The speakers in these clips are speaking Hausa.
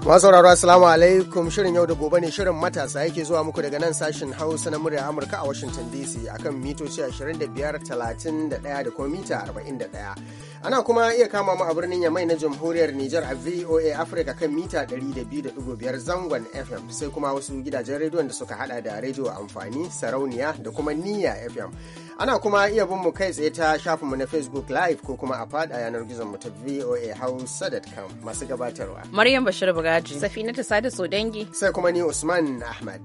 Masu sauraro Assalamu alaikum shirin yau da gobe ne shirin matasa yake zuwa muku daga nan sashen Hausa na murya Amurka a Washington DC akan mitoci 25, 31 da kuma mita 41. Ana kuma iya kama mu a birnin Yamai na Jamhuriyar niger a VOA Africa kan mita 200.5 zangon FM sai kuma wasu gidajen rediyon da suka hada da rediyo amfani sarauniya da kuma niyya FM. Ana kuma iya bin mu kai tsaye ta mu na Facebook Live ko kuma a fada yanar gizon mu ta VOA Hausa.com masu gabatarwa. Maryam Bashir Bugaji. Safina ta sada Sodangi. Sai kuma ni Usman Ahmad.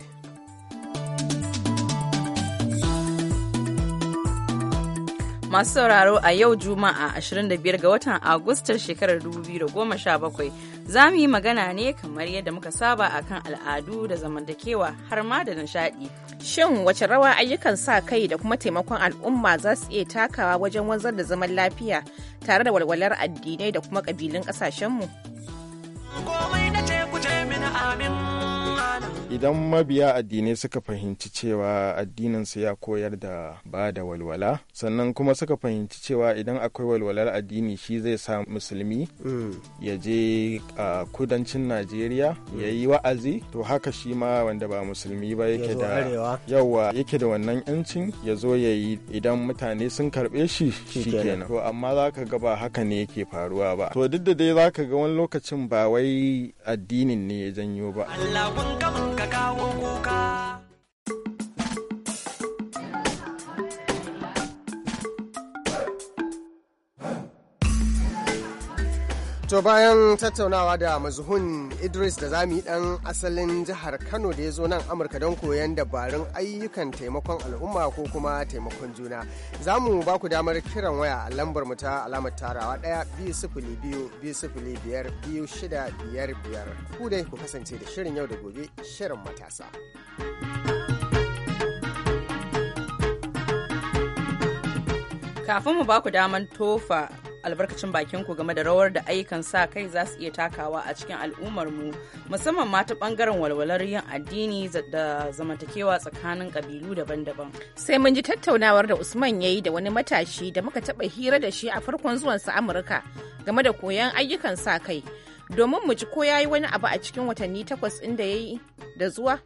Masu sauraro a yau Juma'a 25 ga watan Agustar shekarar 2017 za mu yi magana ne kamar yadda muka saba akan al'adu da zamantakewa har ma da nishaɗi. Shin wace rawa ayyukan sa kai da kuma taimakon al'umma za su iya takawa wajen wanzar da zaman lafiya tare da walwalar addinai da kuma ƙabilun ƙasashenmu? idan mabiya addinai suka fahimci cewa addininsu ya koyar da ba da walwala sannan kuma suka fahimci cewa idan akwai walwalar addini shi zai sa musulmi mm. ya je a kudancin najeriya mm. ya yi wa'azi to haka shi ma wanda ba musulmi ba yake da yawa yake da wannan yancin ya zo ya yi idan mutane sun karɓe shi shi kenan to amma za ka ga ba haka ne yake faruwa ba to duk da dai za ka ga wani lokacin ba wai addinin ne ya janyo ba Allah kawo kuka To bayan tattaunawa da mazuhun Idris da zami dan asalin jihar Kano da ya zo nan Amurka don koyon dabarun ayyukan taimakon al'umma ko kuma taimakon juna. Za mu ba ku damar kiran waya a lambar mu ta alamar tarawa ɗaya biyu sifili biyu biyu sifili biyar biyu shida biyar biyar. Ku dai ku kasance da shirin yau da gobe shirin matasa. Kafin mu ba ku damar tofa albarkacin bakin ku game da rawar da ayyukan sa kai za su iya takawa a cikin al'ummar mu musamman ma ta bangaren walwalar yin addini da zamantakewa tsakanin kabilu daban-daban. Sai mun ji tattaunawar da Usman ya yi da wani matashi da muka taɓa hira da shi a farkon zuwansa Amurka game da koyon ayyukan sa kai. Domin mu ji ko ya yi wani abu a cikin watanni takwas inda ya yi da zuwa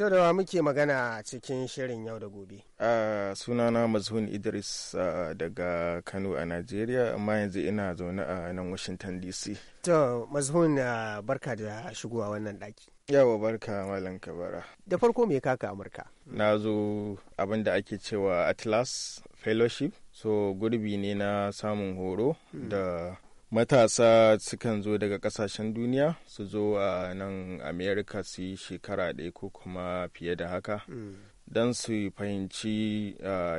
To da muke magana cikin shirin yau da gobe. A sunana Mazhun Idris daga Kano a Najeriya amma yanzu ina zaune a nan Washington DC. To Mazhun barka da shigowa wannan ɗaki. Yawa barka Malam Kabara. Da farko me kaka Amurka? Na zo abin da ake cewa Atlas Fellowship. So gurbi ne na samun horo hmm. da matasa sukan zo daga kasashen duniya su zo a nan america su yi shekara ɗaya ko kuma fiye da haka mm. don su fahimci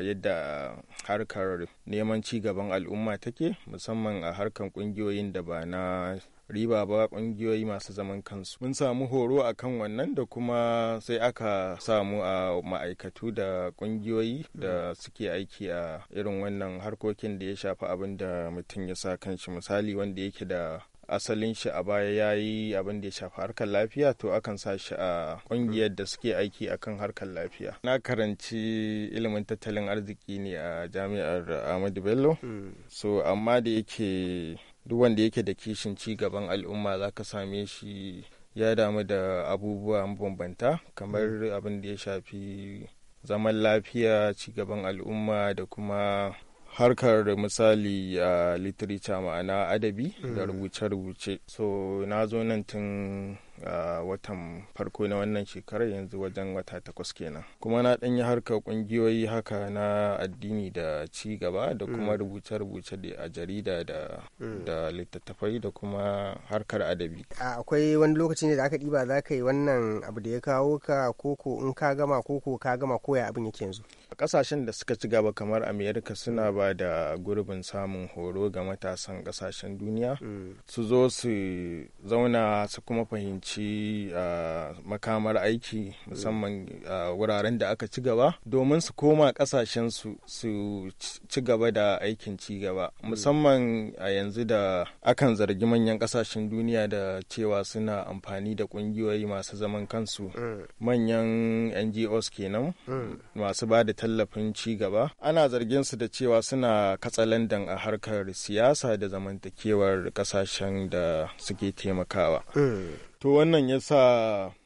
yadda harkar neman ci gaban al'umma take musamman a harkar ƙungiyoyin da ba na riba ba kungiyoyi masu zaman kansu mun samu horo a kan wannan da kuma sai aka samu a ma'aikatu da kungiyoyi da suke aiki a irin wannan harkokin da ya shafi abin da mutum ya sa kanshi misali wanda yake da asalin shi a baya ya yi abin da ya shafi harkar lafiya to akan sa shi a kungiyar da suke aiki a kan harkar lafiya na karanci ilimin tattalin arziki ne a jami'ar ahmadu bello hmm. so amma da yake duk wanda yake da kishin ci gaban al'umma za ka same shi ya damu da abubuwa mabambanta kamar mm. abin da ya shafi zaman lafiya ci gaban al'umma da kuma harkar misali a literature ma'ana adabi da mm. rubuce-rubuce so na zo nan tun a watan farko na wannan shekarar yanzu wajen wata takwas kenan kuma na ɗan yi harka ƙungiyoyi haka na addini da ci gaba da mm. kuma rubuce-rubuce a jarida da mm. da littattafai da kuma harkar adabi akwai wani lokaci ne da aka ɗiba za ka yi wannan abu da ya kawo ka koko in ka gama koko ka gama koya abin yake yanzu kasashen da suka ci gaba kamar amerika suna ba da gurbin samun horo ga matasan kasashen duniya mm. su zo su zauna su kuma fahimci ci ah, makamar aiki musamman ah, wuraren da aka ci gaba domin su koma kasashen su ci gaba da aikin ci gaba hmm. musamman a yanzu da akan zargi manyan kasashen duniya da cewa suna amfani da kungiyoyi masu zaman kansu hmm. manyan ngos kenan hmm. masu ba da tallafin ci gaba ana zargin su da cewa suna katsalandan a harkar siyasa da zamantakewar kasashen da suke taimakawa. to wannan ya sa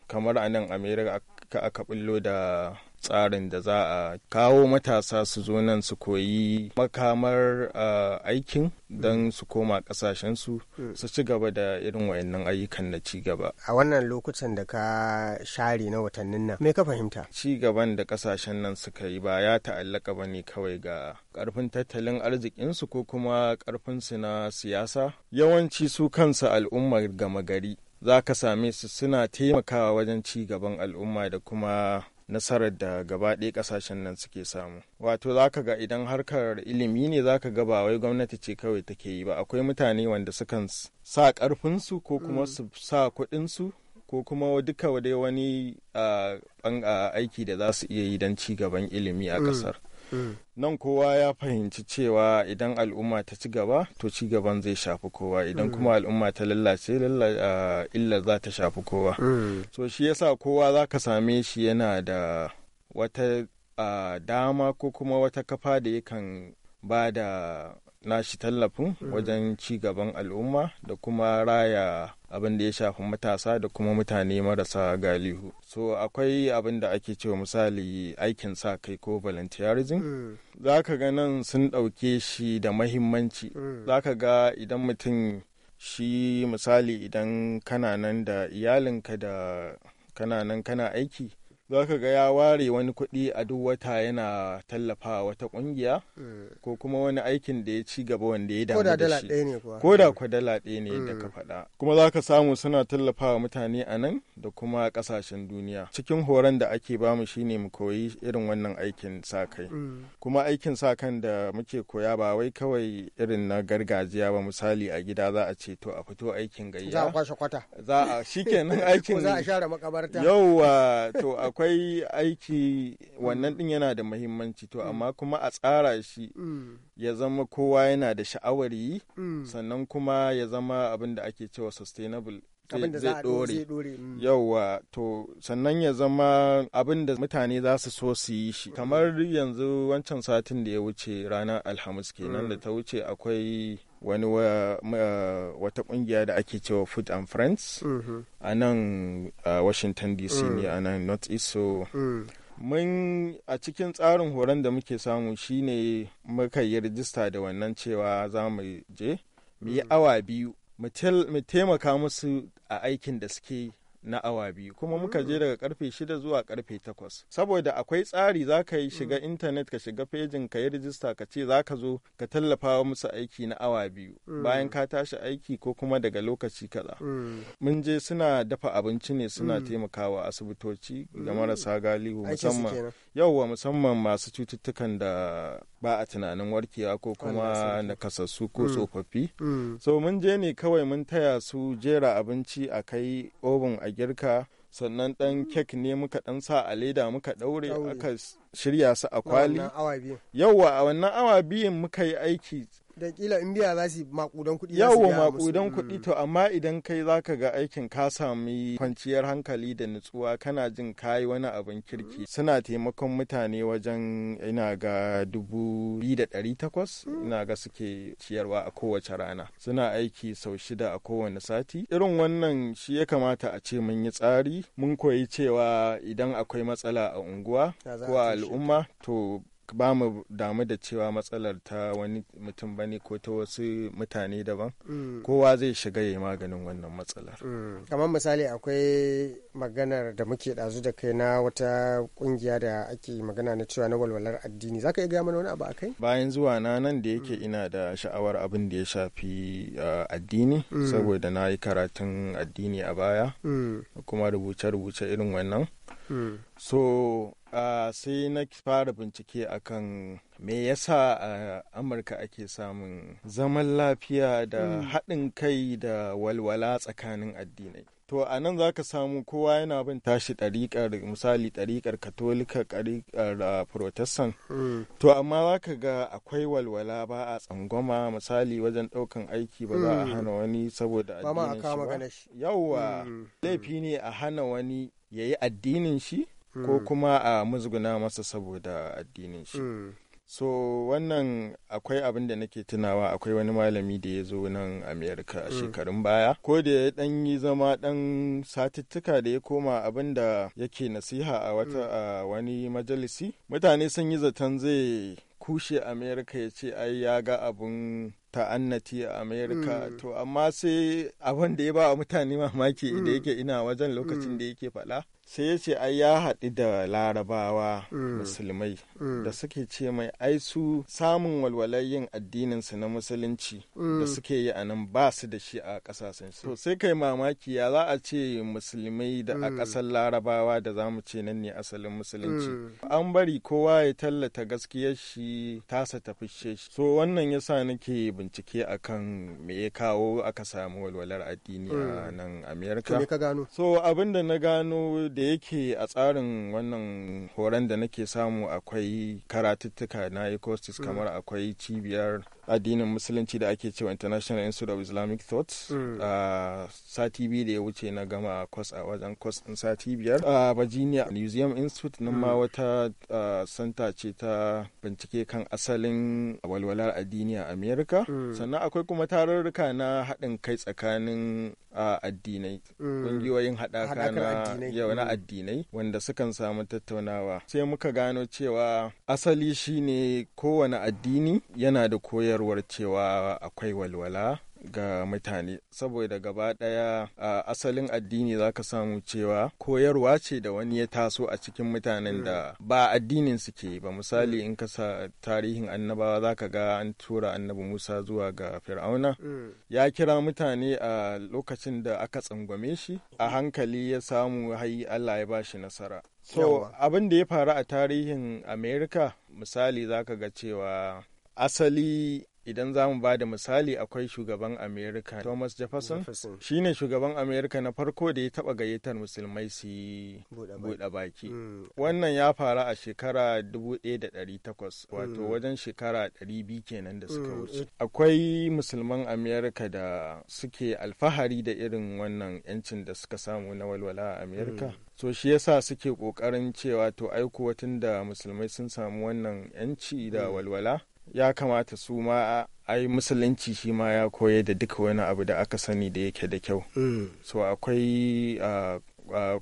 kamar a nan america aka bullo da tsarin da za a kawo matasa su zo nan su koyi makamar ah, aikin don su koma kasashensu hmm. su ci gaba da irin wayannan ayyukan na ci gaba. A wannan lokutan da ka share na watannin nan, me ka fahimta? Ci gaban da kasashen nan suka yi ba ya ta'allaka ba ne kawai ga karfin tattalin arzikinsu ko kuma karfinsu na siyasa. Yawanci su kansa al'ummar gama gari za ka same su suna taimakawa wajen ci gaban al'umma da kuma nasarar da gaba ɗaya ƙasashen nan suke samu wato za ka ga idan harkar ilimi ne za ka ga wai gwamnati ce kawai take yi ba akwai mutane wanda sukan sa ƙarfinsu ko kuma mm. su sa kuɗinsu ko kuma duka wani ah, ah, aiki da za su iya yi don ci gaban ilimi a mm. ƙasar nan kowa ya fahimci cewa idan al'umma ta ci gaba to ci gaban zai shafi kowa idan kuma al'umma ta lallace illa za ta shafi kowa so shi yasa kowa za ka same shi yana da wata dama ko kuma wata kafa da yakan ba da nashi tallafin mm. wajen ci gaban al'umma da kuma raya abin da ya shafi matasa da kuma mutane marasa galihu so akwai abin da ake cewa misali aikin sa kai ko volunteerism mm. za ka ga nan sun ɗauke shi da mahimmanci mm. za ka ga idan mutum shi misali idan kana nan da iyalinka da kana nan kana aiki za ka ga ya ware wani kuɗi a duk wata yana tallafa wata ƙungiya eh. ko kuma wani aikin da ya ci gaba wanda ya damu da shi ko da kwa dala ɗaya ne da hmm. ka faɗa kuma za ka samu suna tallafa wa mutane a nan da kuma ƙasashen duniya cikin horon da ake bamu shine mu koyi irin wannan aikin sa kai hmm. kuma aikin sa kan da muke koya ba wai kawai irin na gargajiya ba misali a gida za a ce to a fito aikin gayya za a kwashe kwata za a shikenan aikin a yauwa to akwai aiki wannan mm. din yana da mahimmanci to mm. amma kuma a tsara shi mm. ya zama kowa yana da sha'awar yi sannan kuma ya zama abin da ake cewa sustainable zai dore yauwa to sannan ya zama abin da mutane za su so su yi shi kamar yanzu wancan satin da ya wuce ranar alhamis kenan da ta wuce akwai wani wata kungiya da ake cewa food and friends mm-hmm. a nan washington dc ne mm. a nan north east so mm. mun a cikin tsarin horon da muke samu shine muka yi rijista da wannan cewa za mu je mu yi mm. awa biyu mu taimaka musu a aikin da suke na awa biyu kuma muka je mm. daga karfe shida zuwa karfe takwas saboda akwai tsari za ka yi shiga mm. intanet ka shiga fejin ka yi rijista ka ce za ka zo ka tallafa musu aiki na awa biyu mm. bayan ka tashi aiki ko kuma daga lokaci kaza mun je suna dafa abinci ne suna taimakawa asibitoci ga marasa galihu musamman yauwa musamman masu cututtukan da ba a tunanin warkewa ko kuma nakasassu ko mm. tsofaffi mm. so mun je ne kawai mun taya su jera abinci a kai obin a girka sannan dan mm. kek ne muka dan sa a leda muka daure aka shirya su a kwali yauwa a wannan awa biyun muka yi aiki da kila in biya za su makudan kuɗi yawo makudan kuɗi mm. to amma idan kai zaka ga aikin ka sami kwanciyar hankali da nutsuwa kana jin kayi wani abin kirki mm. suna taimakon mutane wajen ina ga dubu da ɗari takwas mm. ina ga suke ciyarwa a kowace rana suna aiki sau shida a kowane sati irin wannan shi ya kamata a ce mun yi tsari mun koyi cewa idan akwai matsala a unguwa ko a al'umma to ba mu damu da cewa matsalar ta wani mutum ba ne ko ta wasu mutane daban mm. kowa zai shiga ya yi maganin wannan matsalar mm. kamar misali akwai maganar da muke ɗazu da kai na wata ƙungiya da ake magana na cewa na walwalar addini za ka iya mana wani abu a kai bayan zuwa na nan da yake mm. ina da sha'awar abin da ya shafi addini saboda na yi karatun addini a baya kuma rubuce-rubuce irin wannan so sai na fara bincike akan me yasa a uh, amurka ake samun zaman lafiya da mm. haɗin kai da walwala tsakanin addinai to a nan za ka samu kowa yana bin tashi ɗariƙar misali ɗariƙar katolika ɗariƙar protestant mm. to amma za ka ga akwai walwala ba a tsangwama misali wajen ɗaukan aiki ba za a mm. hana wani saboda addinin shi ba yawwa laifi ne a hana wani ya yi addinin shi ko hmm. kuma a musguna masa saboda addinin shi hmm. so wannan akwai abin da nake tunawa akwai wani malami da ya zo nan amerika a hmm. shekarun baya ko da ya dan yi zama dan satuttuka da ya koma abin da yake nasiha a wata a wani majalisi mutane sun yi zaton zai kushe amerika ya ce ai ya ga abun Ta annati a amerika mm. to amma sai abin da ya ba wa mutane mamaki da hmm. yake ina wajen lokacin hmm. da yake faɗa sai ya ce ai ya haɗu da larabawa mm. musulmai mm. da suke ce mai ai su samun walwalar yin addininsu na musulunci da mm. suke yi a nan ba su da shi a ƙasashen so sai kai mamaki ya za a ce musulmai da a ƙasar larabawa da za mu ce nan ne asalin musulunci an bari kowa ya tallata gaskiyar shi tasa ta fishe shi so wannan ya sa nake bincike akan me ya kawo aka samu walwalar addini a nan amerika so abin da na gano da yake a tsarin wannan horon da nake samu akwai karatuttuka na ecosys mm. kamar akwai cibiyar addinin musulunci da ake cewa international institute of islamic thought. Mm. a sati biyu da ya wuce na gama kwas a wajen kwas in sati biyar a virginia museum institute nan ma mm. wata santa ce ta bincike kan asalin walwalar addini a america mm. sannan akwai kuma tarurruka na haɗin kai tsakanin addinai ƙungiyoyin haɗaka na addinai wanda sukan samu tattaunawa sai muka gano cewa asali shine kowane addini yana da koyar koyarwar cewa akwai walwala ga mutane saboda gaba ɗaya a asalin addini za ka samu cewa koyarwa ce da wani ya taso a cikin mutanen da hmm. ba addinin suke ba misali hmm. in ka sa tarihin annabawa za ka ga an tura annabi musa zuwa ga fir'auna hmm. ya kira mutane a lokacin da aka tsangwame shi a hankali ya samu hayi allah ya bashi shi nasara so abin da ya faru a tarihin amerika misali za ka ga cewa asali idan za mu ba da misali akwai shugaban america thomas jefferson, shine shugaban america na farko da ya taba gayyatar musulmai su yi buɗe baki mm. wannan ya faru a shekara 1800 mm. wato wajen shekara 200 kenan da suka mm. wuce akwai musulman america da suke alfahari da irin wannan yancin da suka samu na walwala a america so shi yasa suke kokarin cewa to aiko watan da musulmai sun samu wannan yanci da walwala ya kamata su ma ai musulunci shi ma ya koye da duka wani abu da aka sani da yake da kyau mm. so akwai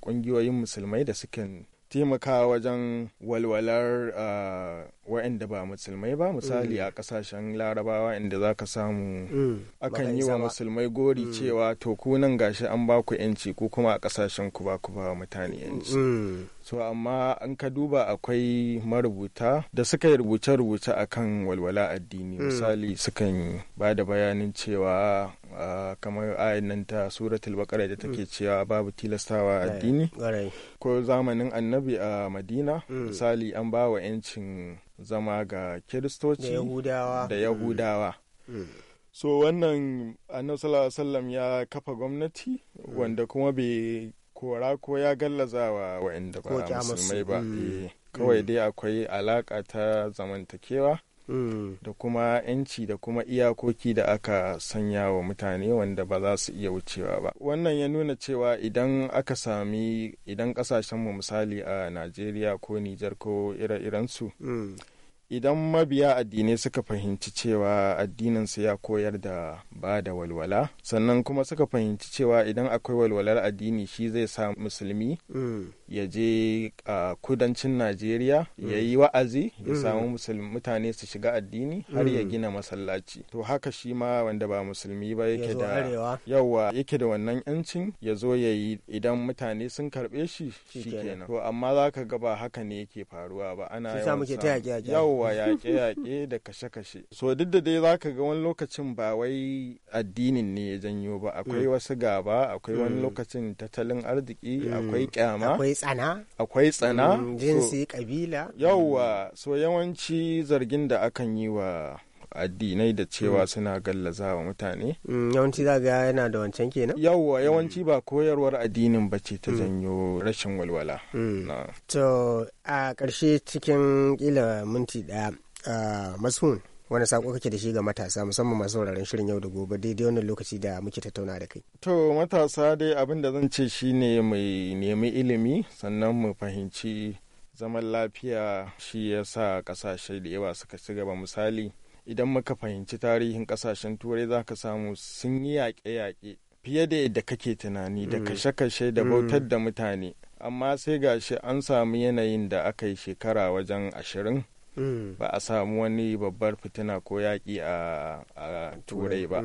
kungiyoyin musulmai da sukan taimakawa wajen walwalar ah, wa'anda ba musulmai ba misali mm. a kasashen larabawa inda za ka samu mm. akan yi wa musulmai gori mm. cewa to ku nan gashi an ba ku yanci ko kuma a kasashen ku ba ku ba mutane yanci so amma an ka duba akwai marubuta da suka yi rubuce-rubuce akan walwala addini misali sukan ba da bayanin cewa kamar ayin nan ta suratul bakara da take mm. cewa babu tilastawa addini ko zamanin annabi a madina mm. misali an ba wa 'yancin zama ga kiristoci da yahudawa mm. so wannan annabi sallallahu ya kafa gwamnati wanda kuma bai kora ko ya gallazawa wa'anda ba musulmai ba eh, kawai dai akwai alaka ta zamantakewa da kuma 'yanci da kuma iyakoki da aka sanya wa mutane wanda ba za su iya wucewa ba wannan ya nuna cewa idan aka sami idan kasashenmu misali a najeriya ko nijar ko ire-irensu mm. idan mabiya addinai suka fahimci cewa addininsu ya koyar da ba da walwala sannan kuma suka fahimci cewa idan akwai walwalar addini shi zai sa musulmi mm. ya je a kudancin najeriya mm. ya yi wa'azi ya mm. samu mutane su shiga addini har ya gina masallaci to haka shi ma wanda ba musulmi ba yake da yawa yake da wannan yancin ya zo ya yi idan mutane sun karbe shi shi kenan to amma za ka ga ba haka ne yake faruwa ba ana yawa Wa yaƙe-yaƙe da kashe-kashe so duk da dai zaka ga wani lokacin ba wai addinin ne ya janyo ba akwai mm. wasu gaba akwai wani mm. lokacin tattalin arziki mm. akwai kyama akwai tsana akwai tsana jinsi kabila Yawwa, so yawanci zargin da akan yi wa addinai da cewa mm. suna gallaza wa mutane mm, yawanci za ga yana da wancan kenan yawwa mm. yawanci ba koyarwar addinin ba ce ta janyo rashin walwala to a ƙarshe cikin kila minti ɗaya masun wani sako kake da shi ga matasa musamman masu wuraren shirin yau da gobe daidai wannan lokaci da muke tattauna da kai to matasa dai abin da zan ce shine mai nemi ilimi sannan mu fahimci zaman lafiya shi ya sa kasashe da yawa suka ci gaba misali idan muka fahimci tarihin kasashen turai za ka samu sun yi yaƙe-yaƙe fiye da yadda kake tunani da mm. kashe-kashe da mm. bautar da mutane amma sai gashi an samu yanayin da aka yi shekara wajen ashirin mm. ba a samu wani babbar fitina ko yaƙi a turai ba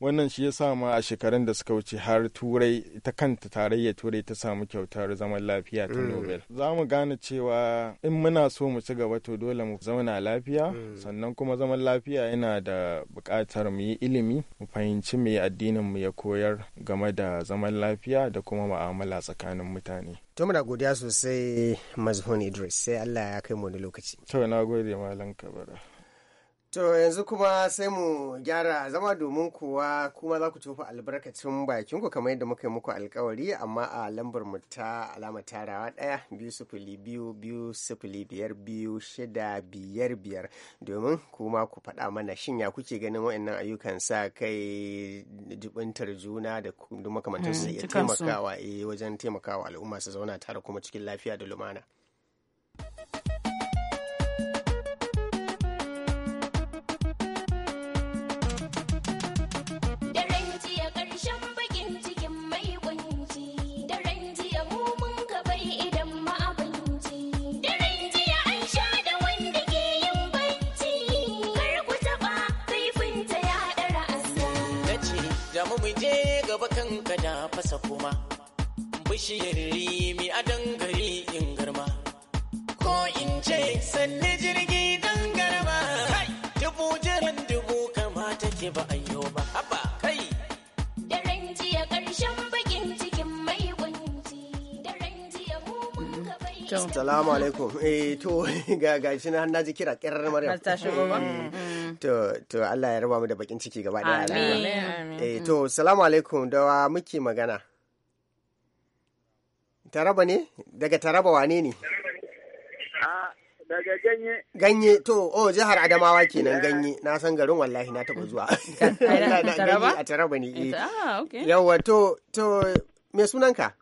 wannan shi ya sa ma a shekarun da suka wuce har turai ta kanta tarayyar turai ta samu kyautar zaman lafiya ta mm. nobel za mu gane cewa in muna so mu ci gaba to dole mu zauna lafiya mm. sannan kuma zaman lafiya yana da bukatar mu yi ilimi mu fahimci me addinin mu ya koyar game da zaman lafiya da kuma mu'amala tsakanin mutane to muna godiya sosai mazhun idris sai allah ya kai mu wani lokaci to na gode malam kabara To yanzu kuma sai mu gyara zama domin kuwa kuma za ku tofa albarkacin bakin ku kamar yadda muka yi muku alkawari amma a lambar mu ta alama tarawa ɗaya biyu sifili biyu biyu sifili biyar biyu shida biyar biyar domin kuma ku faɗa mana shin ya kuke ganin wa'annan ayyukan sa kai jibintar juna da makamantar su hmm, iya taimakawa eh, wajen taimakawa al'umma su zauna tare kuma cikin lafiya da lumana. mu je gaba kan da fasa kuma bishiyar rimi a dangare in garma ko in ce sanni jirgi dan dubu jiran dubu kamata ke ba ayyo haba alaikum. Salamu alaikum. Eh to ga gashi shi na naji kira kirar Maryam. Ta shigo ba. Mm. Mm, mm. To to Allah ya raba mu da bakin ciki gaba daya. Amin. Eh to salamu alaikum da wa muke magana. Taraba ne? Daga Taraba wane ne? Ah, daga ganye. Ganye to o jihar Adamawa kenan ganye na san garin wallahi na taba zuwa. Taraba? A Taraba ne. Eh. Eh, ah okay. Yawa to to me sunanka?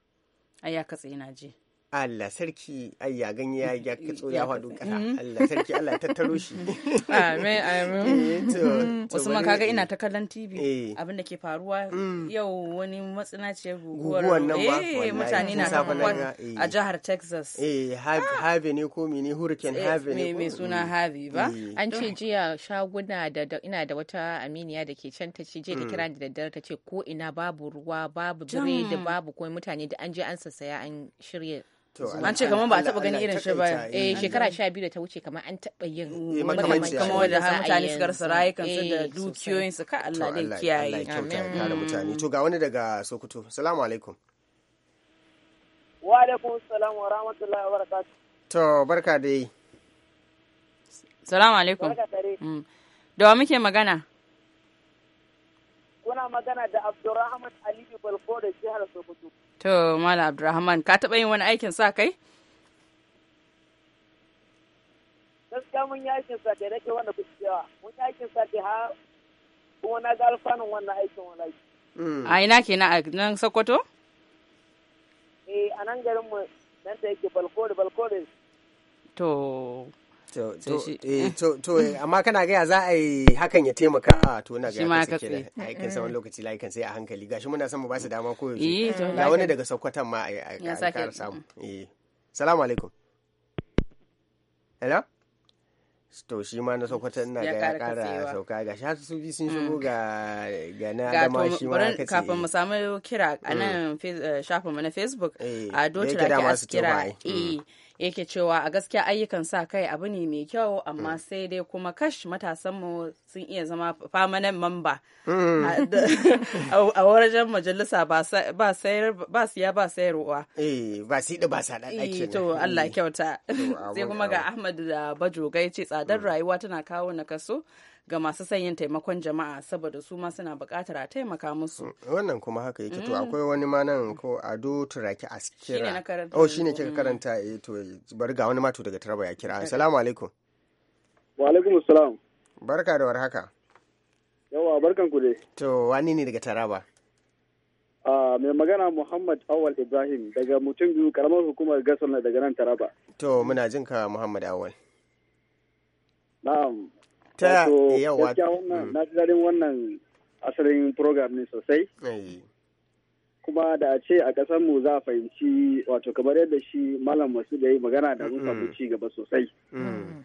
Aya katse na je. Allah sarki ai ya ganye ya ya kitso ya faɗo ƙasa mm. Allah sarki Allah tattaro shi amin amin eh, mm. ma kaga ina ta kallon TV eh. abin da ke faruwa mm. yau wani matsinaciyar guguwar nan ba eh, mutane na ta a jihar Texas eh have ah. ne ko mene hurricane have ne mai suna have ba an ce jiya shaguna da ina da wata aminiya da ke can ta ce je da kira da daddare ta ce ko ina babu ruwa babu biredi babu komai mutane da an je an sassaya an shirya an ce kamar ba a taba gani irin shi ba a eh, shekara sha biyu da ta wuce kamar an taba yin eh, kamar wanda har mutane su garsa rayukan su da eh, dukiyoyin su ka Allah dai kiyaye amin to ga wani daga Sokoto assalamu alaikum wa alaikum assalam wa rahmatullahi wa barakatuh to barka dai assalamu alaikum mm. da wa muke magana kuna magana da Abdulrahman Aliyu Balko da jihar Sokoto To Malam Abdulrahman ka taɓa yin wani aikin sa kai? Gaskiya mun yi aikin sa kai nake wanda cewa Mun yi aikin sa kai ha kuma na ga alfanun wannan aikin wani aiki. Hmm. A ina ke na nan Sokoto? Eh a nan garin mu nan ta yake Balkore Balkore. To. to eh, eh, amma kana gaya za a yi hakan ya taimaka a tona na gaya ke da aikin saman eh. lokaci layukan sai a hankali gashi muna son mu ba su dama ko yau ga wani daga sokoton ma a ƙara samu salamu alaikum hello to shi ma na sokoto ina ga ya kara sauka ga shi su bi sun shigo mm. ga ga na dama shi ma kace kafin mu samu kira a mm. nan shafin mu na facebook a dotura ga kira mm. eh yake cewa a gaskiya ayyukan sa kai abu ne mai kyau amma hmm. sai dai kuma kash matasanmu sun iya zama famanan mamba hmm. a wajen majalisa ba sayar ba siya ba sayarwa eh ba si da ba sa da ake eh, to Allah hmm. kyauta sai kuma ga Ahmad da Bajoga yace tsadar rayuwa tana kawo nakaso ga masu sanyin taimakon jama'a saboda su ma suna buƙatar a taimaka musu mm, wannan kuma haka yake to mm. akwai wani ma nan ko ado turaki askira oh shine kika mm. karanta eh to bari ga wani mato daga taraba ya kira assalamu alaikum wa alaikum assalam barka da warhaka yawa barkan ku dai to wani ne daga taraba Uh, mai magana Muhammad Awal Ibrahim daga mutum biyu karamar hukumar gasar daga nan Taraba. To muna jin ka Muhammad Awal. Na'am, ta yawa na ji daɗin wannan asalin program ne sosai eh. kuma da a ce a ƙasar mu za a fahimci wato kamar yadda shi malam masu da yi magana da mun samu ci gaba sosai mm.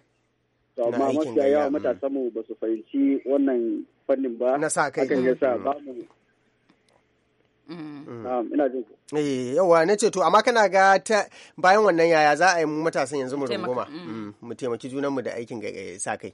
to amma mafiya yawa mm. matasan mu ba su fahimci wannan fannin ba na sa kai hakan mm. yasa ba mu ina jin Eh, yawa na ce to amma kana ga ta bayan wannan yaya za a yi mu matasan yanzu mu rungoma mu taimaki junanmu da aikin eh, sa kai.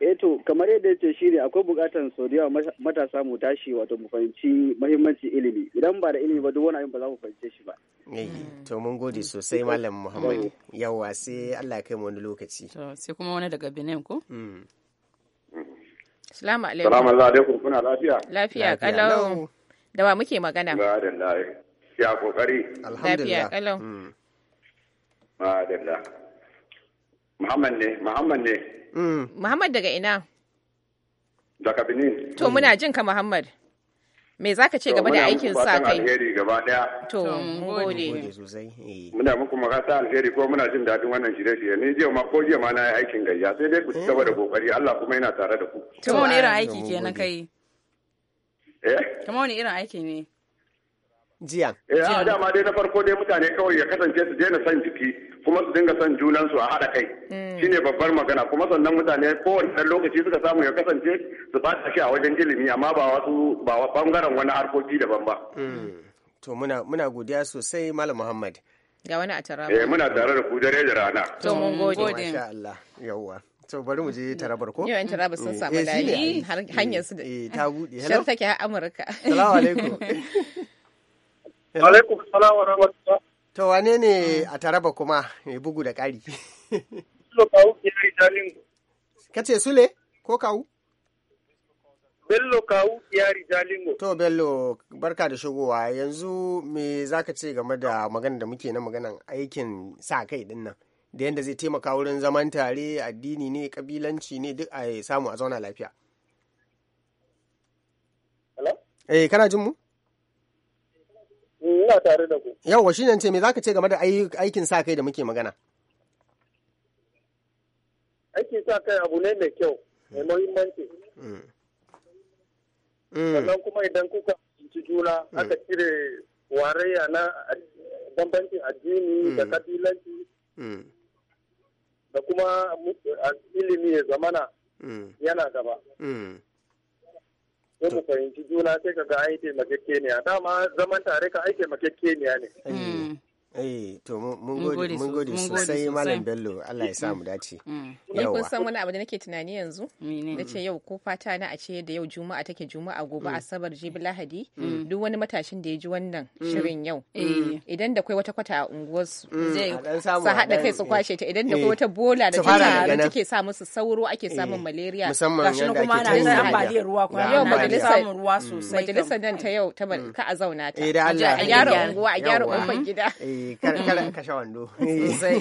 eh to kamar yadda ce shi ne akwai bukatar sau da yawa matasa mu tashi wato mu fahimci muhimmanci ilimi idan ba da ilimi ba duk wani abin ba za mu fahimce shi ba eh mm. to mun gode sosai malam muhammad mm. yawa sai Allah ya kai mu wani lokaci to sai kuma wani daga Benin ko mm. Salamu alaikum. Salamu alaikum kuna lafiya? Lafiya kalau. Da wa muke magana? Ba da ya kokari. Alhamdulillah. Lafiya kalau. Ba da Muhammad ne, Muhammad ne. Mm. Muhammad daga ina? Daga Benin. To muna jin ka Muhammad. Me za ka ce gaba da aikin sa kai? alheri gaba daya. To, gode. Eh. Muna muku makasa alheri ko muna jin daɗin wannan shirye-shirye. Ni jiya ma ko jiya ma na yi aikin gayya sai dai ku ci gaba da kokari mm. Allah kuma yana tare da ku. To, wani irin aiki ke na kai? Eh? Kamar wani irin aiki ne? jiya. Eh, a dama dai na farko dai mutane kawai ya kasance su daina son jiki kuma su dinga son junansu a haɗa kai. Mm. Shine babbar magana kuma sannan mutane kowane ɗan lokaci suka samu ya kasance su ba shi a wajen ilimi amma ba wasu ba bangaren wani harkoki daban ba. Mm. To muna muna godiya sosai Malam Muhammad. Ga wani a tarabar. Eh muna tare da ku dare da rana. To mun gode. Masha Allah. Yawwa. to bari mu je tarabar ko yawan tarabar sun mm. samu eh, dali hanyar su da eh, ta buɗe hello take a amurka salamu alaikum Alaikum salam wa To wane ne a taraba kuma mai bugu da ƙari? Sule kawu ke yi jalingo. ce Sule ko kawu? Bello kawu yari jalingo. To Bello barka da shigowa yanzu me za ka ce game da magana da muke na maganan aikin sa kai din nan da yadda zai taimaka wurin zaman tare addini ne kabilanci ne duk a samu a zauna lafiya. Hello? Eh kana jin mu? Ina tare da ku. Yawwa shi ce me zaka ce game da aikin sa kai da muke magana? Aikin sa kai abu ne mai kyau, mai muhimmanci. Mm. Mm. Sannan kuma idan kuka fahimci juna mm. aka cire warayya na bambancin addini da kabilanci da kuma ilimi ya zamana yana gaba. ko mu fahimci juna sai ka ga ai taimakekeniya dama zaman tare ka ai taimakekeniya ne mm. Eh, to mun gode mun gode sosai Malam Bello, Allah ya sa mu dace. Mm. Ni kun san wani abu da nake tunani yanzu? Na ce yau ko fata na a ce da yau Juma'a take Juma'a gobe mm. Asabar Jibi Lahadi, mm. duk wani matashin da ya ji wannan shirin yau. Eh. Idan da kai wata kwata a su. zai sa hada kai su eh. kwashe ta idan da kai eh. wata bola da ta take sa musu sauro ake samun malaria. Musamman kuma ake yin ambaliyar ruwa kuma yau samun ruwa sosai. Majalisa nan ta yau ta ka a zauna ta. Eh da Allah. A gyara unguwa, a gyara kofar gida. kala ka sha wando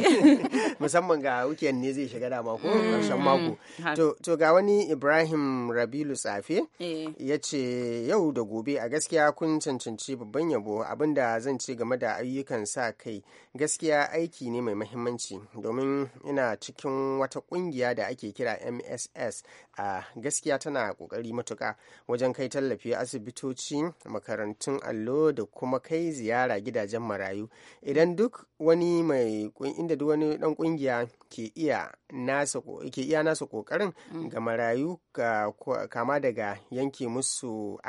musamman ga wikiyan ne zai shiga dama ko karshen mako to ga wani Ibrahim Rabilu Tsafe eh. ya ce yau da gobe a gaskiya kun cancanci babban yabo abinda zan ce game da ayyukan sa kai gaskiya aiki ne mai mahimmanci domin ina cikin wata kungiya da ake kira MSS a gaskiya tana kokari matuka wajen kai tallafi asibitoci makarantun allo da kuma kai ziyara gidajen marayu idan duk wani mai inda duk wani dan kungiya ke iya nasa ke iya nasa kokarin mm. ga marayu kama daga yanke musu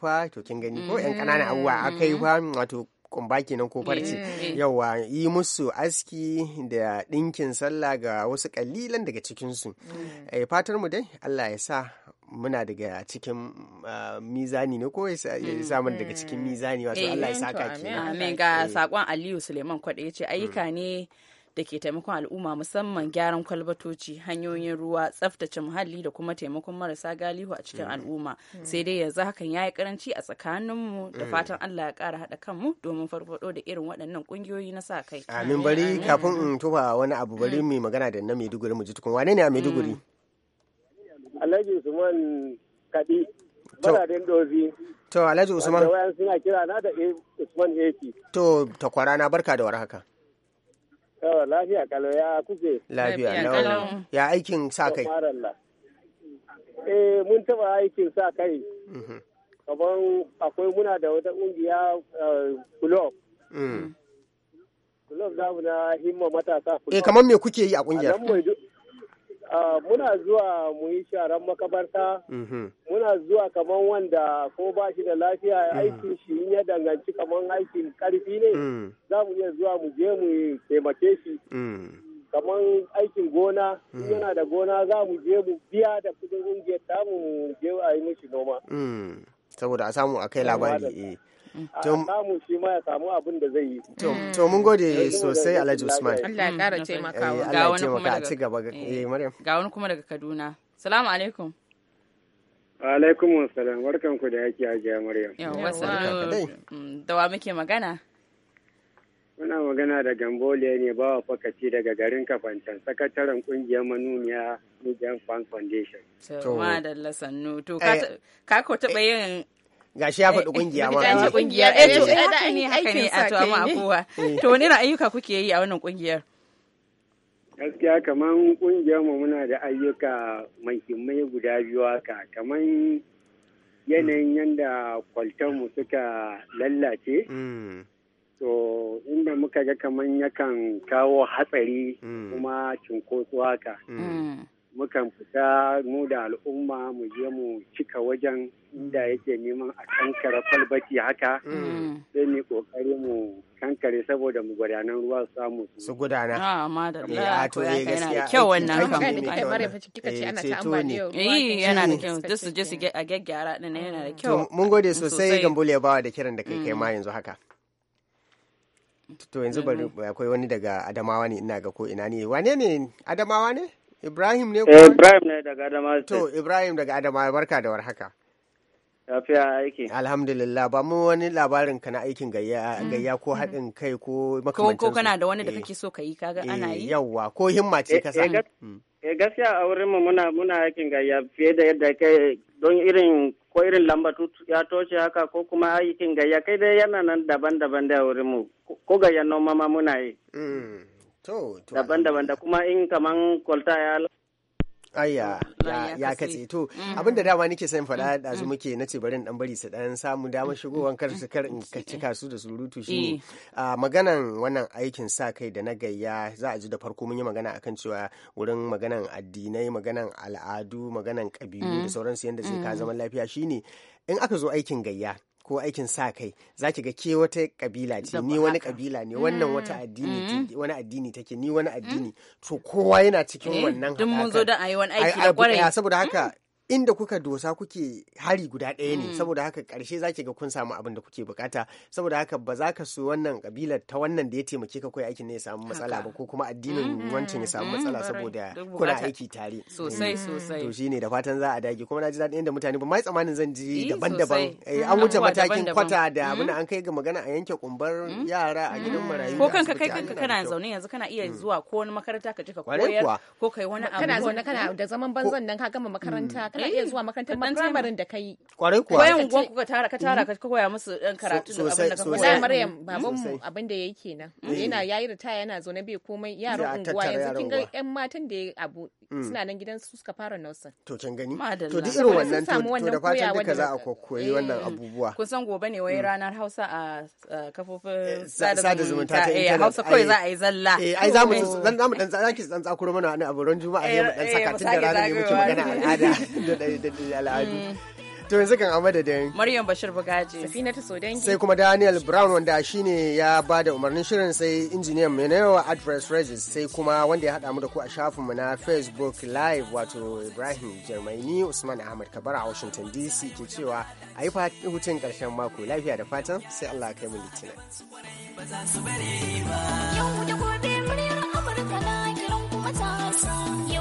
fa to kin gani ko yan abuwa abubuwa fa wato kumba kenan ko farci mm-hmm. yawa yi musu aski da ɗinkin sallah ga wasu kalilan daga cikinsu mm. eh, fatar mu dai Allah ya sa muna daga cikin ah, mizani ne ko ya mm, samun daga mm. cikin mizani wasu. Eh, allah ya saka ki amin ga eh. sakon Aliyu Suleiman kwade yace mm. ayyuka ne da ke taimakon al'umma musamman gyaran kwalbatoci hanyoyin ruwa tsaftace muhalli da kuma taimakon marasa galihu a cikin al'umma sai dai yanzu hakan ya yi karanci a tsakaninmu da fatan allah ya kara haɗa kanmu domin farfado da irin waɗannan kungiyoyi na sa kai amin bari kafin in tuba wani abu bari mu magana da na maiduguri mu ji tukun wane ne a maiduguri Alhaji Usman Kaɗi. Baradin Dozi. To Alhaji Usman. Wanda wayan suna kira na da Usman Eki. To takwara na barka da warhaka. To, lafiya kalau ya kuke. Lafiya lau. Ya aikin sa kai. Eh mun taɓa aikin sa kai. Mhm. Kaban akwai muna da wata ƙungiya kulob. Eh, kulob mm. za mu na himma matasa kulob. Eh kamar me kuke yi a ƙungiyar? Ah, muna zuwa mu yi sharan makabarta mhm. muna zuwa kamar wanda ko ba shi da lafiya aikin shi in ya danganci kamar aikin karfi ne mm. za mu iya zuwa mu je mu taimake shi mm. kamar aikin gona in mm. yana da gona za mu je mu biya da kudin ungiyar tamu mu je a yi mishi noma saboda a samu a kai labari samu shi ma ya samu abin da zai yi to mun gode eh, sosai Alhaji Usman Allah ya kara taimakawa eh, ga wani kuma daga ci gaba ga eh, ga wani kuma daga Kaduna salamu alaikum wa alaikum salam. barkan ku da yaki ajiya Maryam yawa salam mm, da wa muke magana Muna magana da Gamboliya ne ba wa fakaci daga garin Kafancan, sakataren kungiyar manuniya Nigerian Fan Foundation. To, ma da lasannu. To, ka ko taɓa yin gashi ya faɗi kungiya eh, eh, ma ta kungiya eh, eh to ne a to amma to ayyuka kuke yi a wannan kungiyar gaskiya kaman kungiyar mu muna da ayyuka muhimmai guda biyu haka kaman yanayin yanda kwaltan mu suka lallace mm. to inda muka ga kaman yakan kawo hatsari mm. kuma cinkoso haka mm. mukan fita mu da al'umma mu je mu cika wajen inda mm. yake neman a kankara kwalbati haka mm. sai mu kokari mu kankare saboda mu gudanar ruwa su samu su gudana a ah, ma da ya to ya gaskiya kyau wannan kan kai mare fici kika ce eh, ana ta ambaliyo eh yana da mm. kyau duk su just su a gaggara din yana da kyau mun gode sosai gambole ya bawa da kiran da kai kai ma yanzu haka to yanzu bari akwai wani daga adamawa ne ina ga ko ina ne wane ne adamawa ne Ibrahim ne eh, kuma? Ibrahim ne daga Adamawa. To, Ibrahim daga adama barka da warhaka. Tafiya aiki. Alhamdulillah, ba mu wani labarin ka na aikin gayya mm-hmm, ko mm-hmm. haɗin kai ko makamancin Ko kana da wani da eh. kake so ka yi kaga ana eh, yi? Yawwa, ko himma ce ka sa. Mm. Eh gaskiya a wurin mu muna muna aikin gayya fiye da yadda kai don irin ko irin lambatu ya toshe haka ko kuma aikin gayya kai dai yana nan daban-daban da wurin mu ko gayya noma ma muna yi. Mm. daban-daban da kuma in kaman kwalta ya Ayya ya katse to mm-hmm. abin da dama nake son faɗa da mm-hmm. su muke na ce barin dan bari su dan samu damar mm-hmm. shigowar kar su kar in ka cika su da surutu shi eh. a maganan wannan aikin sa kai da na gayya za a ji da farko mun yi magana akan cewa wurin maganan addinai maganan al'adu maganan ƙabilu da sauransu yanda zai ka zaman lafiya shine in aka zo aikin gayya ko aikin sa kai za ki ga ke wata kabila ce ni wani kabila ne wannan wata mm. addini mm. wani addini take ni wani mm. addini to kowa yana cikin eh, wannan haka Duk mun eh, Saboda haka inda kuka dosa kuke hari guda ɗaya ne mm. saboda haka ƙarshe zaki ga kun samu abin da kuke bukata saboda haka ba za ka so wannan kabilar ta wannan da ya taimake ka koyi aikin ne ya samu matsala ba ko kuma addinin mm-hmm. wancan ya samu matsala mm-hmm. saboda kuna aiki tare sosai mm. sosai to shine da fatan za a dage kuma na ji daɗin da mutane ba mai tsamanin zan ji daban-daban eh, an wuce matakin kwata da mm-hmm. abin an kai ga magana a yanke kumbar yara a gidan marayu ko kanka kai kanka kana zaune yanzu kana iya mm. zuwa ko wani makaranta ka je ka koyar ko kai wani abu kana zaune kana da zaman banzan nan ka gama makaranta kana iya zuwa makarantar primary da kai kwarai kuwa koyan gwan kuka tara ka tara ka mm. koya musu dan karatu da abin da ka koya Maryam mm. baban mu abin da yake kenan mm. yana yayi ritaya yana zo na bai komai yaran unguwa yanzu kin ga yan matan da ya abu suna nan gidan su suka fara nausa. to can gani to duk irin wannan to da fatan duka za a koyi wannan abubuwa kun san gobe ne wai ranar Hausa a kafofin eh, sada zumunta ta eh, internet Hausa kawai za a yi zalla eh ai za mu eh. zan mu dan za ki dan tsakuro mana wani abu ran juma'a ne mu dan saka tun da ranar ne muke magana al'ada da al'adu mm. to yanzu kan a madadin maryam bashir bugaji safina ta sodangi sai kuma daniel brown wanda shine ya ba da umarnin shirin sai injiniyan mai na address regis sai kuma wanda ya haɗa mu da ku a shafinmu na facebook live wato ibrahim jarmaini usman ahmed kabar a washington dc ke cewa a yi hutun karshen mako lafiya da fatan sai allah kai mu litinin yau da gobe muryar amurka na kiran kuma ta